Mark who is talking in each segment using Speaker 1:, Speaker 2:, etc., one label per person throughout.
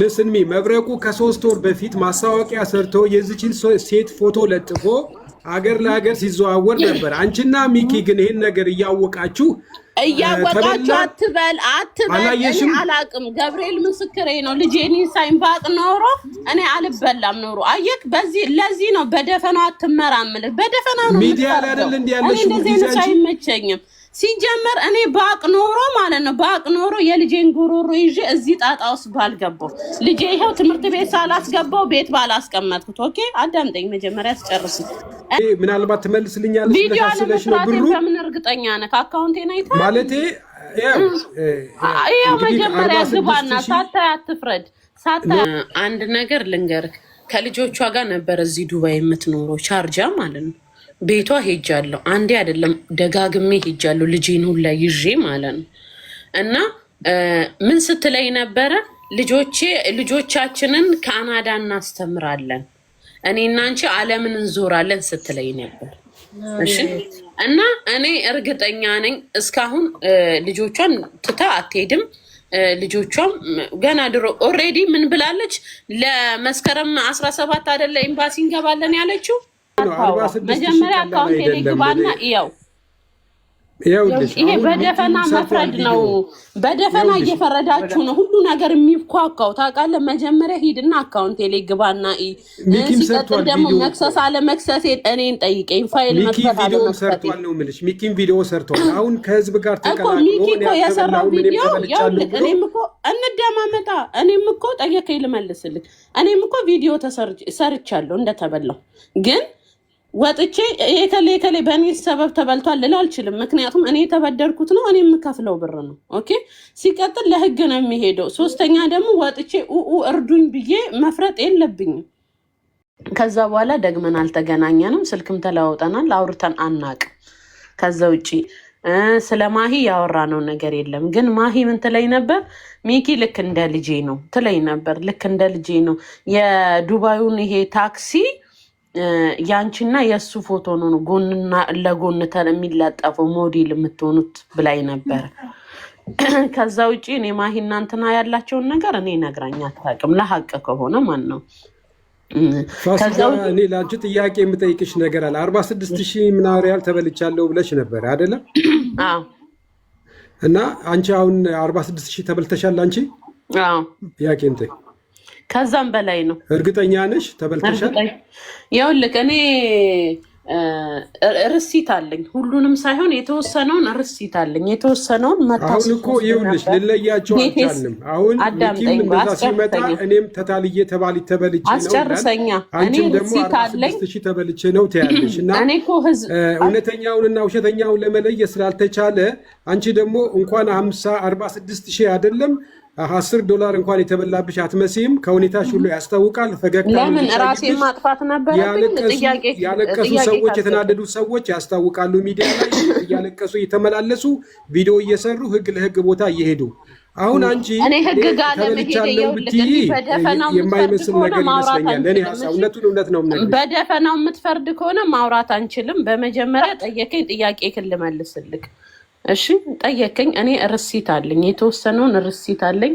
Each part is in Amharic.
Speaker 1: ልስንሚ መብረቁ ከሶስት ወር በፊት ማስታወቂያ ሰርቶ የዚችን ሴት ፎቶ ለጥፎ አገር ለሀገር ሲዘዋወር ነበር። አንቺና ሚኪ ግን ይህን ነገር እያወቃችሁ
Speaker 2: እያወቃችሁ አትበል አትበል። እኔ አላቅም። ገብርኤል ምስክሬ ነው። ልጄን ሳይን ባቅ ኖሮ እኔ አልበላም ኖሮ። አየክ፣ በዚህ ለዚህ ነው በደፈናው አትመራምልህ። በደፈናው
Speaker 1: ነው ሚዲያ ላይ አይደል
Speaker 2: እንዲያለሽ። እኔ እንደዚህ ሲጀመር እኔ በአቅ ኖሮ ማለት ነው በአቅ ኖሮ የልጄን ጉሮሮ ይዤ እዚህ ጣጣ ውስጥ ባልገባው። ልጄ ይኸው ትምህርት ቤት ሳላስገባው ቤት ባላስቀመጥኩት። ኦኬ አዳምጠኝ መጀመሪያ ትጨርስ።
Speaker 1: ምናልባት ትመልስልኛለሽ።
Speaker 2: ቪዲዮ አለመስራቴን በምን እርግጠኛ ነህ? ከአካውንቴን አይተሃል
Speaker 1: ማለቴ ይኸው
Speaker 2: መጀመሪያ ግባና ሳታይ አትፍረድ። አንድ ነገር ልንገርህ፣ ከልጆቿ ጋር ነበር እዚህ ዱባይ የምትኖረው ቻርጃ ማለት ነው ቤቷ ሄጃለሁ። አንዴ አይደለም ደጋግሜ ሄጃለሁ። ልጄን ሁላ ይዤ ማለት ነው። እና ምን ስትለይ ነበረ? ልጆቼ ልጆቻችንን ካናዳ እናስተምራለን፣ እኔ እና አንቺ እንዞራለን ስትለይ ነበር። እሺ። እና እኔ እርግጠኛ ነኝ እስካሁን ልጆቿን ትታ አትሄድም። ልጆቿም ገና ድሮ ኦሬዲ ምን ብላለች? ለመስከረም አስራ ሰባት አደለ ኤምባሲ እንገባለን ያለችው መጀመሪያ አካውንቴ ግባና እያው ይሄ በደፈና መፍረድ ነው። በደፈና እየፈረዳችሁ ነው። ሁሉ ነገር የሚኳኳው ታውቃለህ። መጀመሪያ ሂድና አካውንቴ ላይ ግባና ሲቀጥል ደግሞ መክሰስ እኔን ጠይቀኝ። ፋይል
Speaker 1: መክሰስ ሚኪም ቪዲዮ አሁን ከህዝብ ጋር
Speaker 2: እኮ ሚኪ እኮ የሰራው ቪዲዮ እኔም እኮ እንደማመጣ እኔም እኮ ጠየቀኝ ልመልስልህ። እኔም እኮ ቪዲዮ ሰርቻለሁ እንደተበላው ግን ወጥቼ የከሌ የከሌ በእኔ ሰበብ ተበልቷል ልል አልችልም። ምክንያቱም እኔ የተበደርኩት ነው፣ እኔ የምከፍለው ብር ነው። ኦኬ። ሲቀጥል ለህግ ነው የሚሄደው። ሶስተኛ ደግሞ ወጥቼ ኡኡ እርዱኝ ብዬ መፍረጥ የለብኝም። ከዛ በኋላ ደግመን አልተገናኘንም፣ ስልክም ተለዋውጠናል፣ አውርተን አናቅም። ከዛ ውጭ ስለ ማሂ ያወራነው ነገር የለም። ግን ማሂ ምን ትለይ ነበር? ሚኪ ልክ እንደ ልጄ ነው ትለይ ነበር። ልክ እንደ ልጄ ነው የዱባዩን ይሄ ታክሲ ያንቺና የእሱ ፎቶ ነው ጎንና ለጎን ተን የሚላጠፈው ሞዴል የምትሆኑት ብላይ ነበረ። ከዛ ውጭ እኔ ማሂ እናንትና ያላቸውን ነገር እኔ ነግራኝ አታውቅም። ለሀቅ ከሆነ ማን ነው
Speaker 1: እኔ ለአንቺ ጥያቄ የምጠይቅሽ ነገር አለ። አርባ ስድስት ሺህ ምናሪያል ሪያል ተበልቻለሁ ብለሽ ነበር አይደለም? እና አንቺ አሁን አርባ ስድስት ሺህ ተበልተሻል። አንቺ ጥያቄ
Speaker 2: ከዛም በላይ ነው።
Speaker 1: እርግጠኛ ነሽ? ተበልተሻል?
Speaker 2: ይኸውልህ እኔ ርሲት አለኝ። ሁሉንም ሳይሆን የተወሰነውን ርሲት አለኝ። የተወሰነውን
Speaker 1: መታሁን እኮ ይኸውልሽ፣ ልለያቸው አልቻልም። አሁን ኪም እንደዛ ሲመጣ እኔም ተታልዬ ተባል ተበልቼ
Speaker 2: ነው አስጨርሰኛ።
Speaker 1: እኔ ርሲት አለኝ ተበልቼ ነው ትያለሽ። እና እኔ እኮ እውነተኛውንና ውሸተኛውን ለመለየ ስላልተቻለ አንቺ ደግሞ እንኳን ሀምሳ አርባ ስድስት ሺህ አይደለም አስር ዶላር እንኳን የተበላብሽ አትመሲም። ከሁኔታሽ ሁሉ ያስታውቃል።
Speaker 2: ፈገግታ ለምን ራሴን ማጥፋት
Speaker 1: ነበር? ያለቀሱ ሰዎች፣ የተናደዱ ሰዎች ያስታውቃሉ። ሚዲያ ላይ እያለቀሱ እየተመላለሱ ቪዲዮ እየሰሩ ህግ ለህግ ቦታ እየሄዱ አሁን አንቺ
Speaker 2: እኔ ህግ ጋር ለመሄድ ብትይ የማይመስል ነገር ይመስለኛል። ለእኔ ሀሳብ እውነቱን እውነት ነው። በደፈናው የምትፈርድ ከሆነ ማውራት አንችልም። በመጀመሪያ ጠየቀኝ ጥያቄ ክልመልስልክ እሺ ጠየከኝ። እኔ ርሲት አለኝ፣ የተወሰነውን ርሲት አለኝ።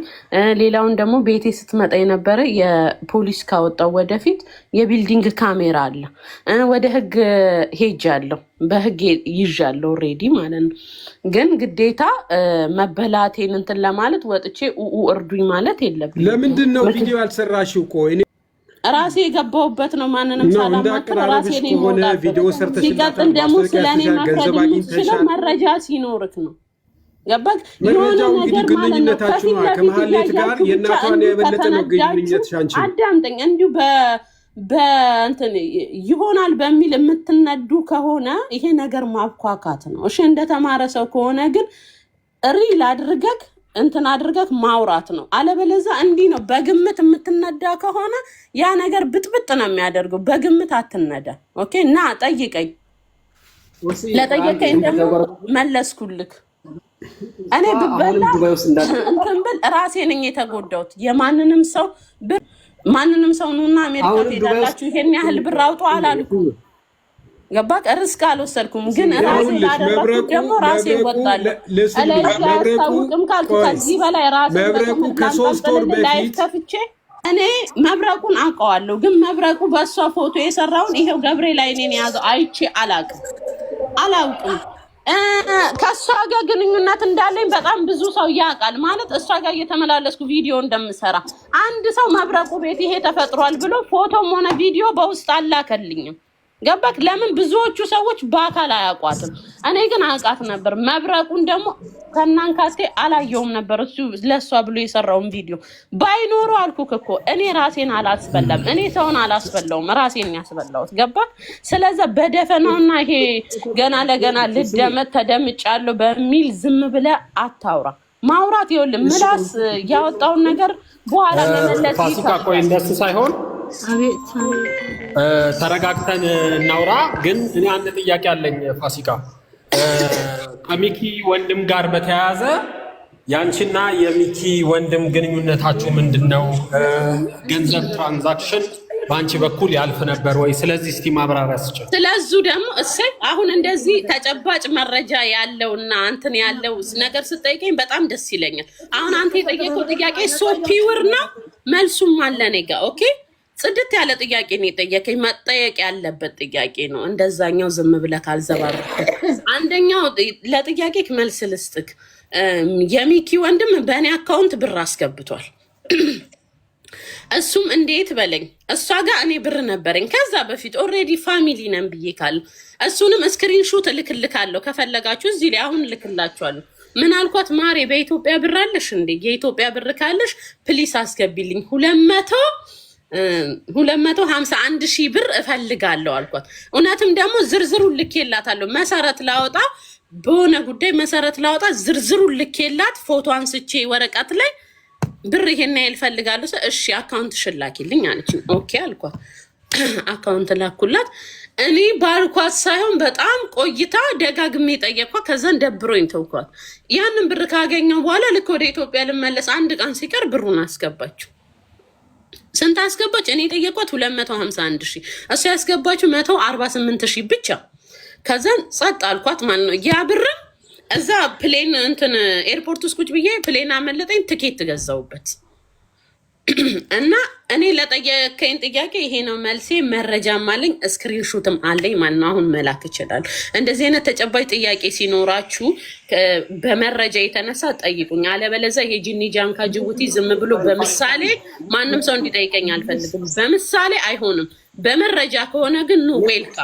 Speaker 2: ሌላውን ደግሞ ቤቴ ስትመጣ የነበረ የፖሊስ ካወጣው ወደፊት የቢልዲንግ ካሜራ አለ። ወደ ህግ ሄጃለሁ፣ በህግ ይዣለሁ ሬዲ ማለት ነው። ግን ግዴታ መበላቴን እንትን ለማለት ወጥቼ ኡ እርዱኝ ማለት የለብኝ።
Speaker 1: ለምንድን ነው ቪዲዮ ያልሰራሽው? እኮ
Speaker 2: ራሴ የገባሁበት ነው። ማንንም
Speaker 1: ሳላማክር ራሴ ነው ቪዲዮ
Speaker 2: ሲቀጥል ደግሞ ስለኔ ማፍረድ የምትችለው መረጃ ሲኖርክ ነው። ገባክ?
Speaker 1: የሆነ ነገር ማለት ነው ከፊት ለፊት ጋር የእናቷን
Speaker 2: አዳምጠኝ እንዲሁ በእንትን ይሆናል በሚል የምትነዱ ከሆነ ይሄ ነገር ማብኳካት ነው። እሺ እንደተማረ ሰው ከሆነ ግን ሪል አድርገክ እንትን አድርገህ ማውራት ነው። አለበለዛ እንዲህ ነው በግምት የምትነዳ ከሆነ ያ ነገር ብጥብጥ ነው የሚያደርገው። በግምት አትነዳ። ኦኬ። እና ጠይቀኝ፣ ለጠየቀኝ ደግሞ መለስኩልክ። እኔ ብበላ
Speaker 1: ብል
Speaker 2: ራሴ ነኝ የተጎዳሁት። የማንንም ሰው ማንንም ሰው ኑና አሜሪካ ትሄዳላችሁ ይሄን ያህል ብር አውጡ አላልኩም። ገባክ? ርስቅ አልወሰድኩም፣ ግን
Speaker 1: ራሴን ደግሞ ራሴ ይወጣል።
Speaker 2: እላይ ካልኩ ከዚህ በላይ
Speaker 1: ራሴን
Speaker 2: ከፍቼ እኔ መብረቁን አውቀዋለሁ፣ ግን መብረቁ በእሷ ፎቶ የሰራውን ይሄው ገብሬ ላይ እኔን የያዘው አይቼ አላውቅም አላውቅም። ከእሷ ጋር ግንኙነት እንዳለኝ በጣም ብዙ ሰው ያውቃል። ማለት እሷ ጋር እየተመላለስኩ ቪዲዮ እንደምሰራ አንድ ሰው መብረቁ ቤት ይሄ ተፈጥሯል ብሎ ፎቶም ሆነ ቪዲዮ በውስጥ አላከልኝም። ገባክ? ለምን ብዙዎቹ ሰዎች በአካል አያውቋትም። እኔ ግን አውቃት ነበር። መብረቁን ደግሞ ከናንካቴ አላየውም ነበር እሱ ለእሷ ብሎ የሰራውን ቪዲዮ ባይኖሩ አልኩክ እኮ እኔ ራሴን አላስበላም። እኔ ሰውን አላስበላውም፣ ራሴን ያስበላሁት ገባክ? ስለዚ በደፈናውና ይሄ ገና ለገና ልደመት ተደምጫለሁ በሚል ዝም ብለ አታውራ። ማውራት ይኸውልህ ምላስ ያወጣውን ነገር በኋላ
Speaker 1: መመለስ እንደሱ ሳይሆን ተረጋግተን እናውራ። ግን እኔ አንድ ጥያቄ አለኝ ፋሲካ ከሚኪ ወንድም ጋር በተያያዘ ያንቺና የሚኪ ወንድም ግንኙነታችሁ ምንድን ነው? ገንዘብ ትራንዛክሽን በአንቺ በኩል ያልፍ ነበር ወይ? ስለዚህ እስቲ ማብራሪያ ስጭ።
Speaker 2: ስለዙ ደግሞ እሰይ አሁን እንደዚህ ተጨባጭ መረጃ ያለውና አንትን ያለው ነገር ስጠይቀኝ በጣም ደስ ይለኛል። አሁን አንተ የጠየቀው ጥያቄ ሶፒውር ነው መልሱም አለ እኔ ጋ ኦኬ ጽድት ያለ ጥያቄ ነው የጠየቀኝ። መጠየቅ ያለበት ጥያቄ ነው። እንደዛኛው ዝም ብለህ ካልዘባበት። አንደኛው ለጥያቄ መልስ ልስጥክ። የሚኪ ወንድም በእኔ አካውንት ብር አስገብቷል። እሱም እንዴት በለኝ፣ እሷ ጋር እኔ ብር ነበረኝ ከዛ በፊት ኦሬዲ ፋሚሊ ነን ብዬ ካለ እሱንም ስክሪንሹት እልክልካለሁ ከፈለጋችሁ እዚህ ላይ አሁን እልክላችኋለሁ። ምን አልኳት፣ ማሬ በኢትዮጵያ ብር አለሽ እንዴ? የኢትዮጵያ ብር ካለሽ ፕሊስ አስገቢልኝ ሁለት መቶ ሁለት መቶ ሀምሳ አንድ ሺህ ብር እፈልጋለሁ አልኳት። እውነትም ደግሞ ዝርዝሩን ልኬላታለሁ። መሰረት ላወጣ በሆነ ጉዳይ መሰረት ላወጣ ዝርዝሩን ልኬላት ፎቶ አንስቼ ወረቀት ላይ ብር ይሄን ያህል እፈልጋለሁ። እሺ አካውንት ሽላኪልኝ አለች። ኦኬ አልኳት። አካውንት ላኩላት። እኔ ባልኳት ሳይሆን በጣም ቆይታ ደጋግሜ ጠየኳት። ከዛን ደብሮኝ ተውኳት። ያንን ብር ካገኘው በኋላ ልክ ወደ ኢትዮጵያ ልመለስ አንድ ቀን ሲቀር ብሩን አስገባችው። ስንት አስገባች? እኔ የጠየቋት 251 ሺ እሱ ያስገባችው 148 ሺ ብቻ። ከዛን ጸጥ አልኳት ማለት ነው። ያ ብርም እዛ ፕሌን እንትን ኤርፖርት ውስጥ ብዬ ፕሌን አመለጠኝ ትኬት ትገዛውበት እና እኔ ለጠየከኝ ጥያቄ ይሄ ነው መልሴ። መረጃም አለኝ እስክሪንሹትም አለኝ ማለት አሁን መላክ ይችላል። እንደዚህ አይነት ተጨባጭ ጥያቄ ሲኖራችሁ በመረጃ የተነሳ ጠይቁኝ። አለበለዚያ ይሄ ጂኒ ጃንካ ጅቡቲ ዝም ብሎ በምሳሌ ማንም ሰው እንዲጠይቀኝ አልፈልግም። በምሳሌ አይሆንም። በመረጃ ከሆነ ግን ኑ ዌልካ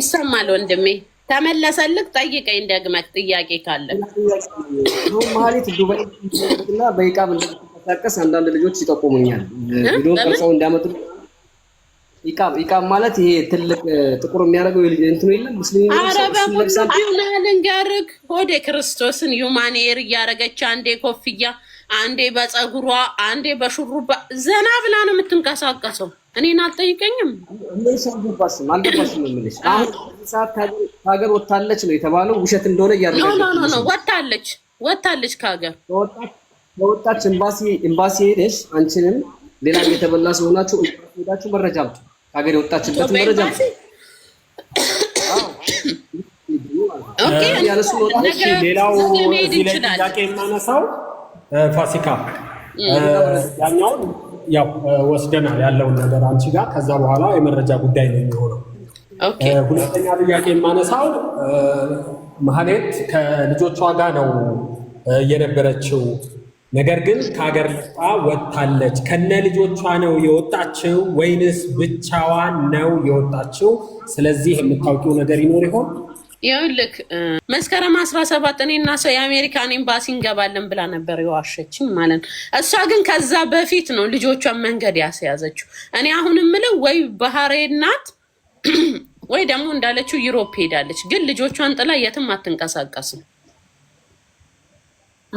Speaker 2: ይሰማል ወንድሜ ተመለሰልክ። ጠይቀኝ እንደግመት ጥያቄ ካለ
Speaker 1: ማለት ዱባይና በኢቃም እንደምትንቀሳቀስ አንዳንድ ልጆች ይጠቁሙኛል። ቪዲዮን ቀርጸው እንዲያመጡ ኢቃም ኢቃም ማለት ይሄ ትልቅ ጥቁር የሚያደርገው እንትኑ የለም
Speaker 2: ሙስሊም አረበቡናል እንገርግ ሆዴ ክርስቶስን ዩማኔር እያደረገች አንዴ ኮፍያ፣ አንዴ በፀጉሯ፣ አንዴ በሹሩባ ዘና ብላ ነው የምትንቀሳቀሰው። እኔን አልጠይቀኝም።
Speaker 1: አልገባሽም አልገባሽም የምልሽ አሁን ሰዓት ከሀገር ነው የተባለው ውሸት እንደሆነ
Speaker 2: ነው።
Speaker 1: ከሀገር ኤምባሲ ኤምባሲ ሄደሽ አንቺንም ሌላ የተበላ ሲሆናችሁ ሄዳችሁ መረጃ አምጡ። ከሀገር የወጣችበት መረጃ አምጡ። ሌላው ጥያቄ የማነሳው ፋሲካ ያኛውን ያው ወስደናል ያለውን ነገር አንቺ ጋር ከዛ በኋላ የመረጃ ጉዳይ ነው የሚሆነው። ሁለተኛ ጥያቄ የማነሳው ማህሌት ከልጆቿ ጋር ነው የነበረችው። ነገር ግን ከሀገር ልጣ ወጥታለች። ከነ ልጆቿ ነው የወጣችው ወይንስ ብቻዋን ነው የወጣችው? ስለዚህ የምታውቂው ነገር ይኖር ይሆን?
Speaker 2: ይኸውልህ መስከረም አስራ ሰባት እና ሰው የአሜሪካን ኤምባሲ እንገባለን ብላ ነበር የዋሸችኝ ማለት ነው። እሷ ግን ከዛ በፊት ነው ልጆቿን መንገድ ያስያዘችው። እኔ አሁን የምለው ወይ ባህሬን ናት ወይ ደግሞ እንዳለችው ዩሮፕ ሄዳለች። ግን ልጆቿን ጥላ የትም አትንቀሳቀስም።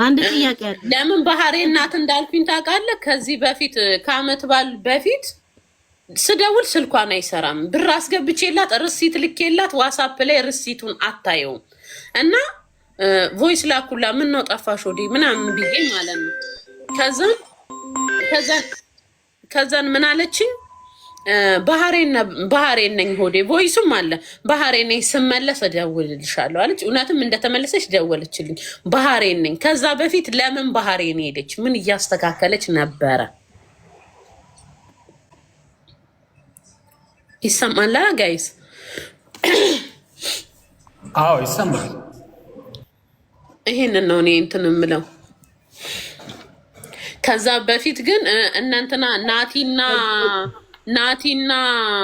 Speaker 2: አንድ ጥያቄ ለምን ባህሬ ናት እንዳልኩኝ ታውቃለህ? ከዚህ በፊት ከአመት ባል በፊት ስደውል ስልኳን አይሰራም። ብር አስገብቼላት ርሲት ልኬላት ዋሳፕ ላይ ርሲቱን አታየውም እና ቮይስ ላኩላ ምን ነው ጠፋሽ ወዲ ምናምን ብዬ ማለት ነው። ከዛን ከዛን ከዛን ምን አለችኝ ባህሬን ነኝ ሆዴ ቮይሱም አለ ባህሬን ነኝ ስመለስ እደውልልሻለሁ አለች። እውነትም እንደተመለሰች ደወለችልኝ። ባህሬን ነኝ። ከዛ በፊት ለምን ባህሬን ሄደች? ምን እያስተካከለች ነበረ? ይሰማላ ጋይስ?
Speaker 1: አዎ ይሰማል።
Speaker 2: ይሄንን ነው እኔ እንትን የምለው። ከዛ በፊት ግን እናንትና ናቲና ናቲና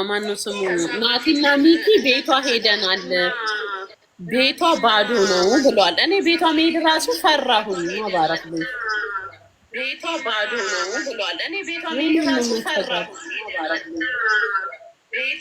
Speaker 2: ማነው ስሙ ናቲና ሚኪ ቤቷ ሄደናል፣ ቤቷ ባዶ ነው ብሏል። እኔ ቤቷ መሄድ ራሱ ፈራሁኝ። ማባራት ነው ቤቷ ባዶ ነው ብሏል። እኔ ቤቷ መሄድ ራሱ ፈራሁኝ። ማባራት ነው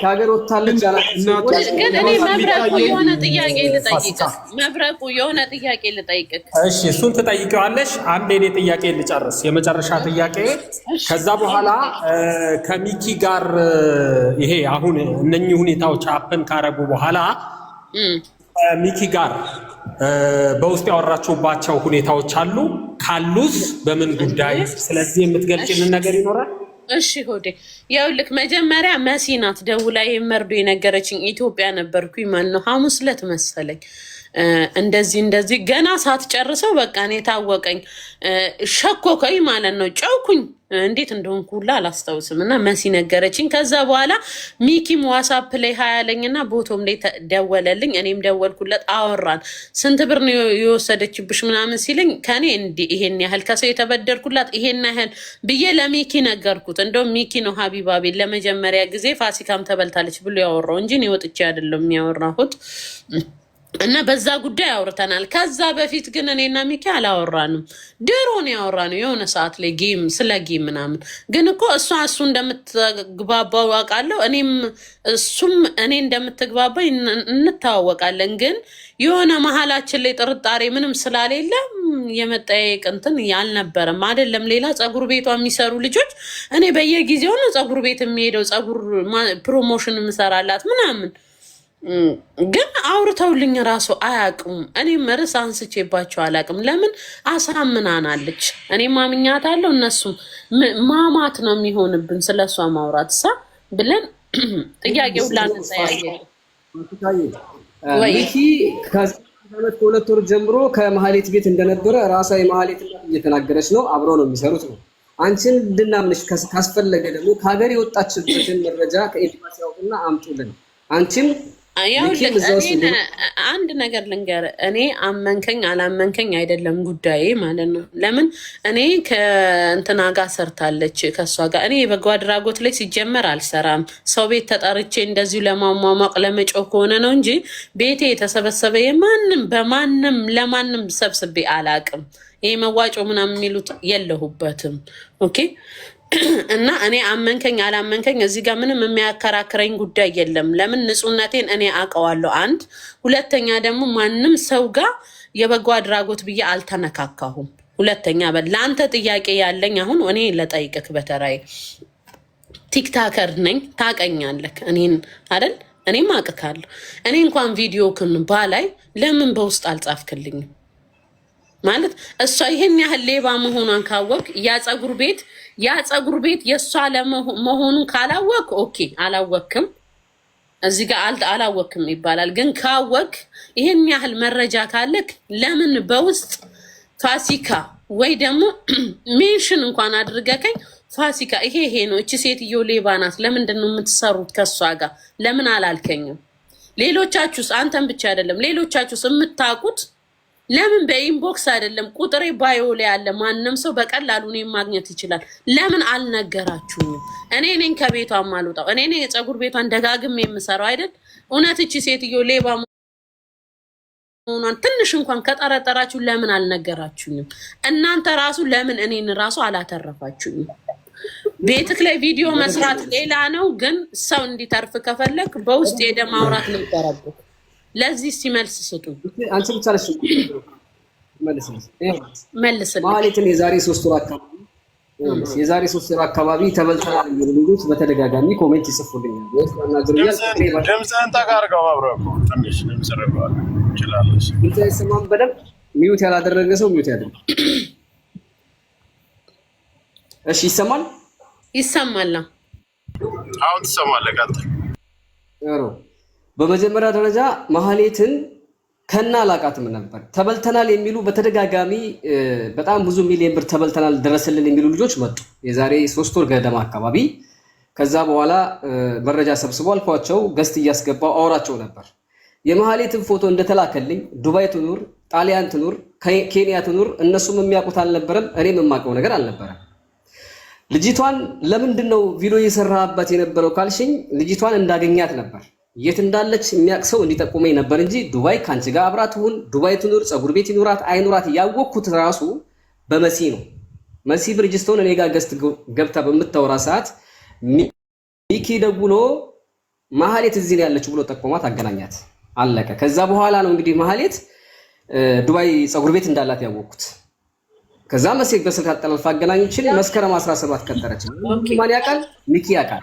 Speaker 1: ከሀገር ወታለች
Speaker 2: ግን እኔ መብረቁ የሆነ ጥያቄ ልጠይቅ መብረቁ የሆነ ጥያቄ ልጠይቅ
Speaker 1: እሺ እሱን ትጠይቀዋለሽ አንዴ እኔ ጥያቄ ልጨርስ፣ የመጨረሻ ጥያቄ። ከዛ በኋላ ከሚኪ ጋር ይሄ አሁን እነኚህ ሁኔታዎች አፕን ካረጉ በኋላ ሚኪ ጋር በውስጥ ያወራችሁባቸው ሁኔታዎች አሉ? ካሉስ በምን ጉዳይ? ስለዚህ የምትገልጭልን ነገር ይኖራል?
Speaker 2: እሺ ሆዴ ያው ልክ መጀመሪያ መሲናት ናት ደውላ መርዶ የነገረችኝ ኢትዮጵያ ነበርኩኝ። ማን ነው ሐሙስ ዕለት መሰለኝ እንደዚህ እንደዚህ ገና ሳትጨርሰው በቃ እኔ ታወቀኝ ሸኮከኝ ማለት ነው። ጨውኩኝ እንዴት እንደሆንኩ ሁላ አላስታውስም። እና መሲ ነገረችኝ። ከዛ በኋላ ሚኪም ዋሳፕ ላይ ሀያለኝ እና ቦቶም ላይ ደወለልኝ። እኔም ደወልኩለት፣ አወራን። ስንት ብር ነው የወሰደችብሽ ምናምን ሲልኝ ከኔ እንዲ ይሄን ያህል ከሰው የተበደርኩላት ይሄን ያህል ብዬ ለሚኪ ነገርኩት። እንደውም ሚኪ ነው ሀቢባ ቤት ለመጀመሪያ ጊዜ ፋሲካም ተበልታለች ብሎ ያወራው እንጂ እኔ ወጥቼ አይደለም የሚያወራሁት። እና በዛ ጉዳይ አውርተናል። ከዛ በፊት ግን እኔና ሚኪ አላወራንም። ድሮን ነው ያወራነው የሆነ ሰዓት ላይ ጌም ስለ ጌም ምናምን። ግን እኮ እሷ እሱ እንደምትግባባው አውቃለሁ፣ እኔም እሱም እኔ እንደምትግባባ እንታዋወቃለን። ግን የሆነ መሀላችን ላይ ጥርጣሬ ምንም ስላሌለ የመጠያየቅ እንትን አልነበረም። አይደለም ሌላ ፀጉር ቤቷ የሚሰሩ ልጆች እኔ በየጊዜው ነው ፀጉር ቤት የሚሄደው ጸጉር ፕሮሞሽን ምሰራላት ምናምን ግን አውርተውልኝ ራሱ አያውቅም። እኔ መርስ አንስቼባቸው አላውቅም። ለምን አሳምናናለች? እኔ ማምኛት አለው እነሱ ማማት ነው የሚሆንብን ስለሷ ማውራት ሳ ብለን ጥያቄው ላነሳያየኪ
Speaker 1: ከሁለት ወር ጀምሮ ከመሀሌት ቤት እንደነበረ ራሷ የመሀሌት እየተናገረች ነው። አብረው ነው የሚሰሩት ነው አንቺን እንድናምንሽ ካስፈለገ ደግሞ ከሀገር የወጣችበትን መረጃ ከኤምባሲ አውጡና አምጡልን አንቺም
Speaker 2: አንድ ነገር ልንገር፣ እኔ አመንከኝ አላመንከኝ አይደለም ጉዳዬ ማለት ነው። ለምን እኔ ከእንትና ጋር ሰርታለች ከእሷ ጋር እኔ የበጎ አድራጎት ላይ ሲጀመር አልሰራም። ሰው ቤት ተጠርቼ እንደዚሁ ለማሟሟቅ ለመጮ ከሆነ ነው እንጂ ቤቴ የተሰበሰበ የማንም በማንም ለማንም ሰብስቤ አላቅም። ይሄ መዋጮ ምናምን የሚሉት የለሁበትም። ኦኬ እና እኔ አመንከኝ አላመንከኝ እዚህ ጋር ምንም የሚያከራክረኝ ጉዳይ የለም። ለምን ንጹህነቴን እኔ አውቀዋለሁ። አንድ ሁለተኛ ደግሞ ማንም ሰው ጋር የበጎ አድራጎት ብዬ አልተነካካሁም። ሁለተኛ ለአንተ ጥያቄ ያለኝ አሁን እኔ ለጠይቅክ በተራዬ ቲክታከር ነኝ ታቀኛለክ እኔን አይደል? እኔም አቅካለሁ። እኔ እንኳን ቪዲዮ ክን ባላይ ለምን በውስጥ አልጻፍክልኝም? ማለት እሷ ይህን ያህል ሌባ መሆኗን ካወቅ ያ ፀጉር ቤት ያ ፀጉር ቤት የእሷ ለመሆኑን ካላወቅ ኦኬ፣ አላወቅም እዚህ ጋር አላወቅም ይባላል። ግን ካወቅ ይህን ያህል መረጃ ካለክ ለምን በውስጥ ፋሲካ ወይ ደግሞ ሜንሽን እንኳን አድርገከኝ ፋሲካ ይሄ ይሄ ነው፣ እቺ ሴትዮ ሌባ ናት፣ ለምንድን ነው የምትሰሩት ከእሷ ጋር ለምን አላልከኝም? ሌሎቻችሁስ፣ አንተን ብቻ አይደለም ሌሎቻችሁስ የምታውቁት ለምን በኢንቦክስ አይደለም? ቁጥሬ ባዮ ላይ ያለ ማንም ሰው በቀላሉ ኔ ማግኘት ይችላል። ለምን አልነገራችሁም? እኔ ነኝ ከቤቷ ማልወጣው እኔ ነኝ የፀጉር ቤቷን ደጋግሜ የምሰራው አይደል? እውነት እቺ ሴትዮ ሌባ መሆኗን ትንሽ እንኳን ከጠረጠራችሁ ለምን አልነገራችሁኝም? እናንተ ራሱ ለምን እኔን ራሱ አላተረፋችሁኝም? ቤትክ ላይ ቪዲዮ መስራት ሌላ ነው፣ ግን ሰው እንዲተርፍ ከፈለክ በውስጥ ሄደህ ማውራት ለዚህ ሲመልስ ስጡ። አንቺ ብቻ ነሽ መልስልኝ።
Speaker 1: ማህሌትን የዛሬ ሶስት ወር አካባቢ የዛሬ ሶስት ወር አካባቢ ተበልተናል የሚሉት በተደጋጋሚ ኮሜንት ይጽፉልኛል። ድምፅህን ጠጋ አድርገው አብረው እኮ ትንሽ ድምፅ ረገዋል ይችላለች። ድምፅ አይሰማም በደምብ ሚዩት ያላደረገ ሰው ሚዩት ያደርግ። እሺ፣ ይሰማል ይሰማል። አሁን ትሰማለህ። ቀጥል በመጀመሪያ ደረጃ ማህሌትን ከና አላቃትም ነበር። ተበልተናል የሚሉ በተደጋጋሚ በጣም ብዙ ሚሊዮን ብር ተበልተናል ደረሰልን የሚሉ ልጆች መጡ፣ የዛሬ ሶስት ወር ገደማ አካባቢ። ከዛ በኋላ መረጃ ሰብስቦ አልኳቸው፣ ገስት እያስገባው አውራቸው ነበር። የማህሌትን ፎቶ እንደተላከልኝ ዱባይ ትኑር፣ ጣሊያን ትኑር፣ ኬንያ ትኑር፣ እነሱም የሚያውቁት አልነበረም፣ እኔም የማውቀው ነገር አልነበረም። ልጅቷን ለምንድን ነው ቪዲዮ የሰራህበት የነበረው ካልሽኝ፣ ልጅቷን እንዳገኛት ነበር የት እንዳለች የሚያውቅ ሰው እንዲጠቁመኝ ነበር እንጂ ዱባይ ከአንቺ ጋር አብራ ትሁን፣ ዱባይ ትኑር፣ ፀጉር ቤት ይኑራት አይኑራት ያወቅኩት ራሱ በመሲ ነው። መሲ ብርጅስቶን እኔ ጋር ገስት ገብታ በምታወራ ሰዓት ሚኪ ደውሎ ማህሌት እዚህ ነው ያለችው ብሎ ጠቆማት፣ አገናኛት፣ አለቀ። ከዛ በኋላ ነው እንግዲህ ማህሌት ዱባይ ፀጉር ቤት እንዳላት ያወቅኩት። ከዛ መሴ በስልክ አጠላልፋ አገናኝችን መስከረም 17 ቀጠረች። ማን ያውቃል? ሚኪ ያውቃል።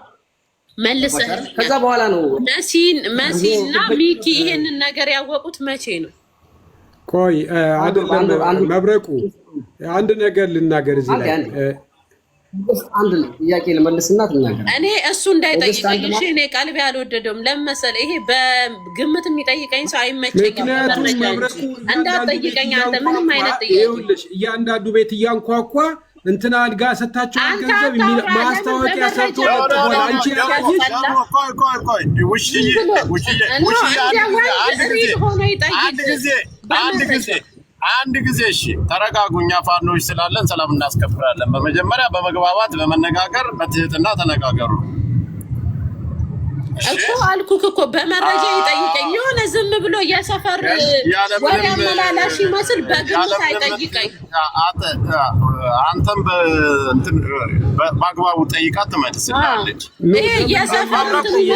Speaker 1: መልሰህ ከዛ በኋላ ነው
Speaker 2: መሲን መሲና ሚኪ ይሄንን ነገር ያወቁት መቼ ነው?
Speaker 1: ቆይ አይደለም መብረቁ፣ አንድ ነገር ልናገር እዚህ ላይ አንድ ጥያቄ ልመልስና ትናገር።
Speaker 2: እኔ እሱ እንዳይጠይቀኝ እሺ። እኔ ቀልቤ አልወደደውም። ለምን መሰለህ? ይሄ በግምት የሚጠይቀኝ ሰው
Speaker 1: አይመቸኝም።
Speaker 2: እንዳትጠይቀኝ አንተ ምንም አይነት ጥያቄ
Speaker 1: እያንዳንዱ ቤት እያንኳኳ እንትና አድጋ ሰታችሁ ገንዘብ ማስታወቂያ ሰርቶ አንቺ አንድ ጊዜ አንድ ጊዜ እሺ፣ ፋኖች ስላለን ሰላም እናስከብራለን። በመጀመሪያ በመግባባት በመነጋገር በትህትና ተነጋገሩ።
Speaker 2: እኮ አልኩክ እኮ በመረጃ ይጠይቀኝ። የሆነ ዝም ብሎ የሰፈር ወሬ አመላላሽ ይመስል በግምት አይጠይቀኝ።
Speaker 1: አንተም በአግባቡ ጠይቃ ትመልስላለች።
Speaker 2: ይሄ የሰፈር
Speaker 1: ትንሽ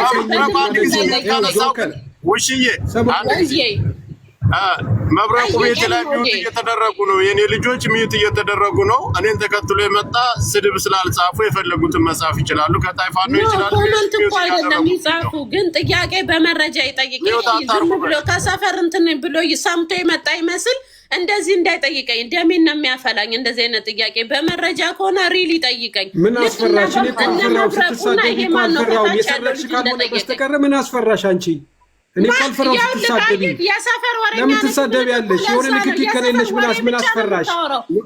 Speaker 1: መብረቁ ቤት ላይ ሚዩት እየተደረጉ ነው። የኔ ልጆች ሚዩት እየተደረጉ ነው። እኔን ተከትሎ የመጣ ስድብ ስላልጻፉ የፈለጉትን መጻፍ ይችላሉ። ከጣይፋ
Speaker 2: ነው ይችላሉ። ኮመንት እኮ አይደለም ይጻፉ፣ ግን ጥያቄ በመረጃ ይጠይቀኝ ዝም ብሎ ከሰፈር እንትን ብሎ ሰምቶ የመጣ ይመስል እንደዚህ እንዳይጠይቀኝ እንደምን ነው የሚያፈላኝ? እንደዚህ አይነት ጥያቄ በመረጃ ከሆነ ሪል ይጠይቀኝ።
Speaker 1: ምን አስፈራሽ? እኔ እኮ አልፈራሁም። ስትሳደቢ ካልሆነ በስተቀር ምን አስፈራሽ አንቺ? እኔ ካልፈራሁ ስትሳደቢ ለምን ትሳደቢያለሽ? የሆነ ንክኪ ከሌለሽ ምላስ ምን አስፈራሽ?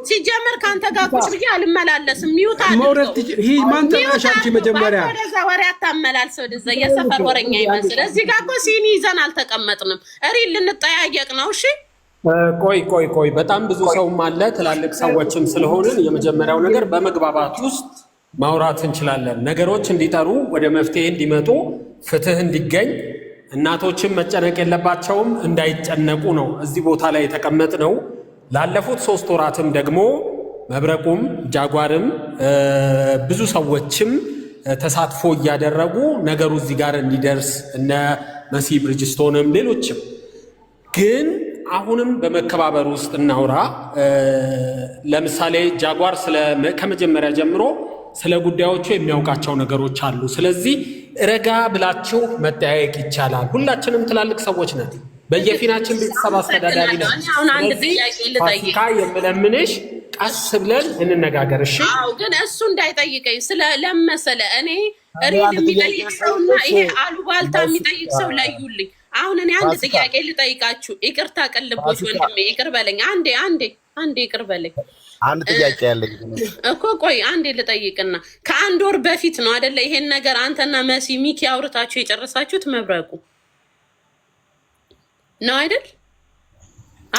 Speaker 2: ሲጀምር ከአንተ ጋር ቁጭ ብዬ አልመላለስም። ሚውት
Speaker 1: ማን ጠራሽ? አንቺ መጀመሪያ
Speaker 2: ወደዛ ወሬ አታመላልስ። ወደዛ የሰፈር ወረኛ ይመስል እዚህ ጋር እኮ ሲኒ ይዘን አልተቀመጥንም። እሪ ልንጠያየቅ ነው። እሺ
Speaker 1: ቆይ ቆይ ቆይ፣ በጣም ብዙ ሰውም አለ ትላልቅ ሰዎችም ስለሆንን የመጀመሪያው ነገር በመግባባት ውስጥ ማውራት እንችላለን። ነገሮች እንዲጠሩ ወደ መፍትሄ እንዲመጡ ፍትህ እንዲገኝ እናቶችም መጨነቅ የለባቸውም እንዳይጨነቁ ነው እዚህ ቦታ ላይ የተቀመጥ ነው። ላለፉት ሶስት ወራትም ደግሞ መብረቁም ጃጓርም ብዙ ሰዎችም ተሳትፎ እያደረጉ ነገሩ እዚህ ጋር እንዲደርስ እነ መሲ ብርጅስቶንም ሌሎችም ግን አሁንም በመከባበር ውስጥ እናውራ። ለምሳሌ ጃጓር ከመጀመሪያ ጀምሮ ስለ ጉዳዮቹ የሚያውቃቸው ነገሮች አሉ። ስለዚህ ረጋ ብላችሁ መጠያየቅ ይቻላል። ሁላችንም ትላልቅ ሰዎች ነን። በየፊናችን ቤተሰብ አስተዳዳሪ ነው። ፋሲካ የምለምንሽ ቀስ ብለን እንነጋገር። እሺ፣
Speaker 2: ግን እሱ እንዳይጠይቀኝ ስለለመሰለ እኔ ሪል የሚጠይቅ ሰውና ይሄ አሉባልታ የሚጠይቅ ሰው ለዩልኝ። አሁን እኔ አንድ ጥያቄ ልጠይቃችሁ። ይቅርታ ቀልቦች ወንድሜ ይቅር በለኝ። አንዴ አንዴ አንዴ ይቅር በለኝ።
Speaker 1: አንድ ጥያቄ ያለኝ
Speaker 2: እኮ ቆይ አንዴ ልጠይቅና፣ ከአንድ ወር በፊት ነው አደለ? ይሄን ነገር አንተና መሲ ሚኪ አውርታችሁ የጨረሳችሁት መብረቁ ነው አይደል?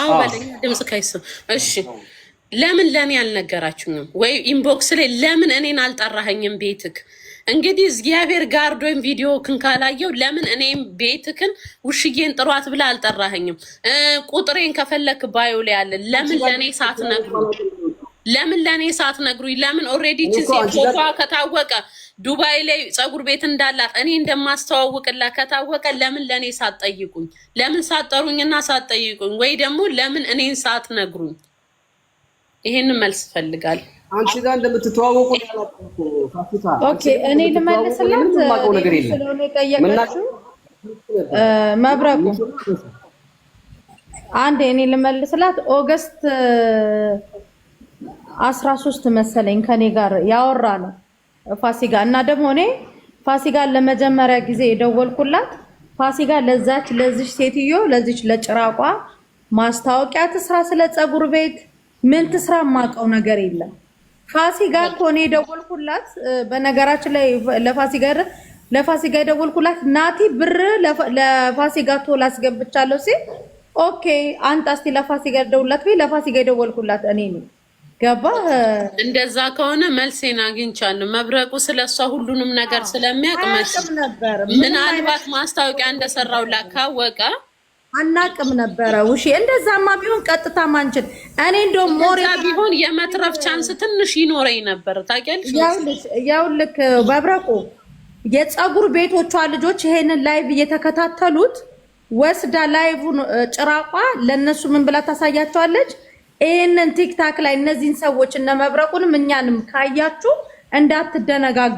Speaker 2: አሁ በለኛ ድምፅ ከይስም እሺ። ለምን ለእኔ አልነገራችሁኝም? ወይ ኢንቦክስ ላይ ለምን እኔን አልጠራኸኝም ቤትክ? እንግዲህ እግዚአብሔር ጋርድ ወይም ቪዲዮ ክን ካላየው ለምን እኔም ቤትክን ውሽዬን ጥሯት ብላ አልጠራኸኝም? ቁጥሬን ከፈለክ ባዩ ላይ አለ። ለምን ለእኔ ሳትነግሩ ለምን ለእኔ ሳትነግሩኝ? ለምን ኦልሬዲ ችን ሴቶቷ ከታወቀ ዱባይ ላይ ፀጉር ቤት እንዳላት እኔ እንደማስተዋውቅላት ከታወቀ ለምን ለእኔ ሳትጠይቁኝ? ለምን ሳትጠሩኝና ሳትጠይቁኝ? ወይ ደግሞ ለምን እኔን ሳትነግሩኝ? ይሄንን መልስ ፈልጋል።
Speaker 1: አንቺ ጋር እንደምትተዋወቁ
Speaker 2: ኦኬ። እኔ ልመልስላት
Speaker 1: ስለሆነ
Speaker 2: የጠየቀችው መብረቁ አንድ እኔ ልመልስላት ኦገስት አስራ ሶስት መሰለኝ ከኔ ጋር ያወራ ነው ፋሲጋ እና ደግሞ እኔ ፋሲጋን ለመጀመሪያ ጊዜ የደወልኩላት ፋሲጋ ለዛች ለዚች ሴትዮ ለዚች ለጭራቋ ማስታወቂያ ትስራ፣ ስለ ፀጉር ቤት ምን ትስራ የማውቀው ነገር የለም። ፋሲጋ እኮ እኔ የደወልኩላት በነገራችን ላይ ለፋሲጋ ለፋሲጋ የደወልኩላት ናቲ ብር ለፋሲጋ ቶላ አስገብቻለሁ ሲል ኦኬ አንተ እስቲ ለፋሲጋ ደውላት ብዬ ለፋሲጋ የደወልኩላት እኔ ነው። ገባ። እንደዛ ከሆነ መልሴን አግኝቻለሁ። መብረቁ ስለሷ ሁሉንም ነገር ስለሚያውቅ ምናልባት ማስታወቂያ እንደሰራው ላካወቀ አናቅም ነበረ። ውሽ እንደዛማ ቢሆን ቀጥታ ማንችል እኔ እንደውም ሞሬ ቢሆን የመትረፍ ቻንስ ትንሽ ይኖረኝ ነበር። ታውቂያለሽ፣ ልክ መብረቁ የፀጉር ቤቶቿ ልጆች ይሄንን ላይቭ እየተከታተሉት ወስዳ ላይቭ ጭራቋ ለእነሱ ምን ብላ ታሳያቸዋለች ይህንን ቲክታክ ላይ እነዚህን ሰዎች እነመብረቁንም እኛንም ካያችሁ እንዳትደነጋግ